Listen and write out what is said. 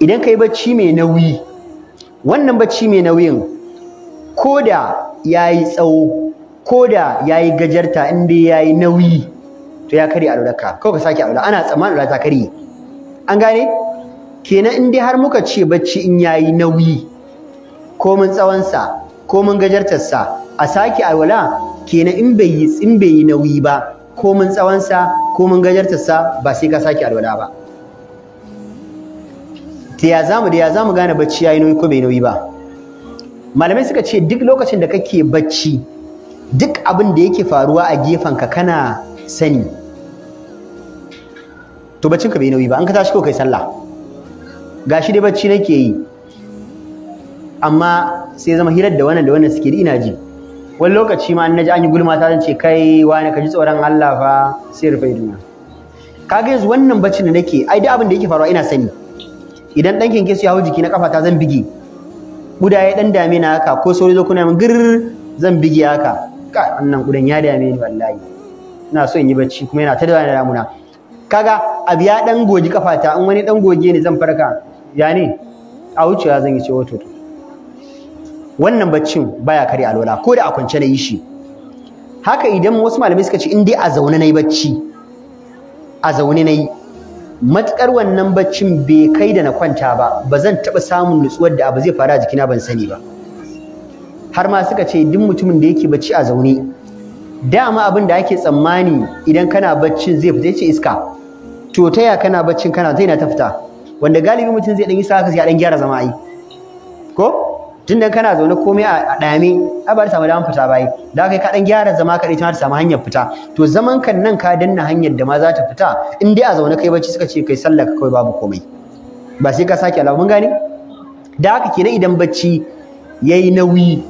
idan ka yi bacci mai nauyi wannan bacci mai nauyin ko da ya yi tsawo ko da ya yi gajarta in dai ya yi nauyi to ya karya alwalarka kawai ka sake alwala ana tsammanin alwala ta karye an gane kenan in dai har muka ce bacci in ya yi nauyi ko mun tsawonsa ko mun gajartarsa a sake alwala kenan in bai yi nauyi ba ko mun tsawonsa ko mun gajartarsa ba sai ka sake alwala ba ta ya zamu da ya zamu gane bacci yayi nauyi ko bai nauyi ba malamai suka ce duk lokacin da kake bacci duk abin da yake faruwa a gefenka kana sani to ka bai nauyi ba an ka tashi ko kai sallah gashi dai bacci nake yi amma sai zama hirar da wannan da wannan suke ina ji wani lokaci ma na ji an yi gulma ta zance kai wani ka ji tsoron Allah fa sai rufe idona kaga yanzu wannan baccin da nake ai duk abin da yake faruwa ina sani idan dan kinke su ya hau jiki na kafa ta zan bigi kuda ya dan dame na haka ko sauri zo kuna min gir zan bigi haka ka wannan kudan ya dame ni wallahi ina so in yi bacci kuma yana ta da ramuna. kaga abu ya dan goji kafa ta in wani dan goge ne zan farka ya ne a wucewa zan yi ce wato oh, wannan baccin baya kare alwala ko da a kwance na yi shi haka idan wasu malamai suka ce in dai a zaune na yi bacci a zaune na yi matukar wannan baccin bai kai da na kwanta ba ba zan taɓa samun nutsuwar da abu zai faru a jikina ban sani ba har ma suka ce duk mutumin da yake bacci a zaune dama abin da ake tsammani idan kana baccin zai fita ce iska to ta ya kana baccin kana zai na ta fita wanda galibi mutum zai dan yi sa haka sai a dan gyara zama ai ko tun dan kana zaune komai a ɗame a ba ta samu damar fita bai da kai ka dan gyara zama ka dai ta samu hanyar fita to zaman kan nan ka danna hanyar da ma za ta fita in dai a zaune kai bacci suka ce kai sallah kai babu komai ba sai ka sake alawa mun gane da haka kenan idan bacci yayi nauyi